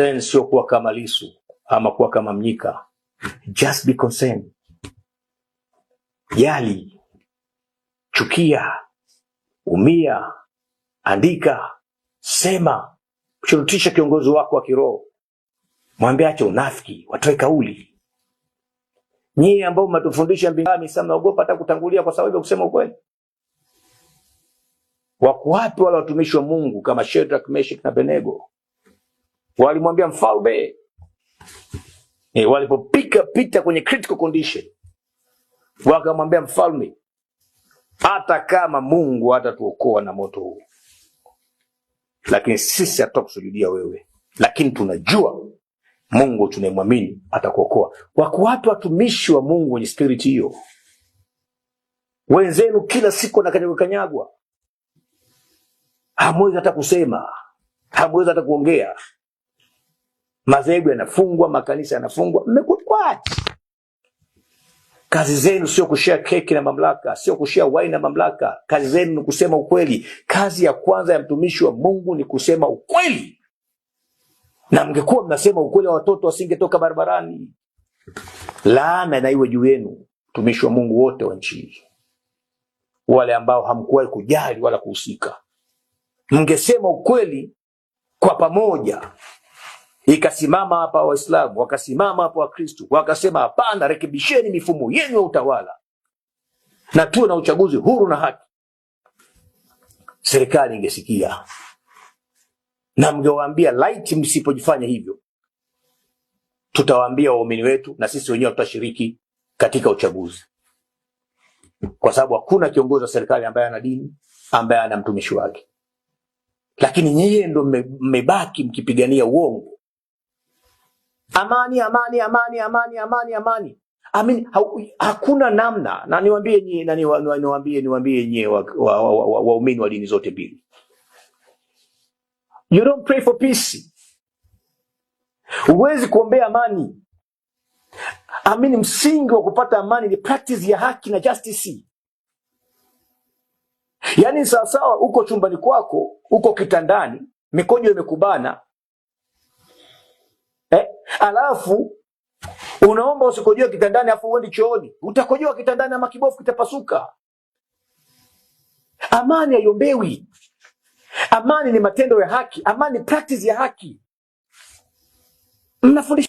Then sio kuwa kama Lisu ama kuwa kama Mnyika. Just be concerned. Yali, chukia, umia, andika, sema, shurutisha kiongozi wako wa kiroho, mwambie ache unafiki, watoe kauli. Nyie ambao mnatufundisha mbinguni, sasa mnaogopa hata kutangulia kwa sababu ya kusema ukweli. Wako wapi wale watumishi wa Mungu kama Shadrach, Meshach na Abednego walimwambia mfalme e, eh, walipopika pita kwenye critical condition wakamwambia mfalme, hata kama Mungu hatatuokoa na moto huu, lakini sisi hatutakusujudia wewe, lakini tunajua Mungu tunayemwamini atakuokoa. Wako watu watumishi wa Mungu wenye spiriti hiyo, wenzenu kila siku wanakanyagwa kanyagwa, hamwezi hata kusema, hamwezi hata kuongea madhehebu yanafungwa, makanisa yanafungwa. Mmekuwa kazi zenu sio kushea keki na mamlaka, sio kushea wai na mamlaka. Kazi zenu ni kusema ukweli. Kazi ya kwanza ya mtumishi wa Mungu ni kusema ukweli, na mngekuwa mnasema ukweli wa watoto wasingetoka barabarani. Laana na iwe juu yenu, mtumishi wa Mungu wote wa nchi, wale ambao hamkuwahi kujali wala kuhusika. Mngesema ukweli kwa pamoja. Ikasimama hapa Waislamu, wakasimama hapa Wakristu, wakasema hapana, rekebisheni mifumo yenu ya utawala na tuwe na uchaguzi huru na haki. Serikali ingesikia na mngewaambia, laiti msipojifanya hivyo, tutawaambia waumini wetu na sisi wenyewe tutashiriki katika uchaguzi, kwa sababu hakuna kiongozi wa serikali ambaye ana dini, ambaye ana mtumishi wake. Lakini nyeye ndo mmebaki mkipigania uongo amani, amani, amani, amani, amani, amani. I mean, ha, hakuna namna na niwaambie nyie na niwaambie niwaambie nyie waumini wa, wa, wa, wa, dini zote mbili. You don't pray for peace. Huwezi kuombea amani. Amini, msingi wa kupata amani ni practice ya haki na justice. Yaani sawasawa, uko chumbani kwako, uko kitandani, mikojo imekubana, alafu unaomba usikojoe kitandani afu uendi chooni, utakojoa kitandani ama kibofu kitapasuka. Amani haiombewi. Amani ni matendo ya haki. Amani ni practice ya haki. Mnafundisha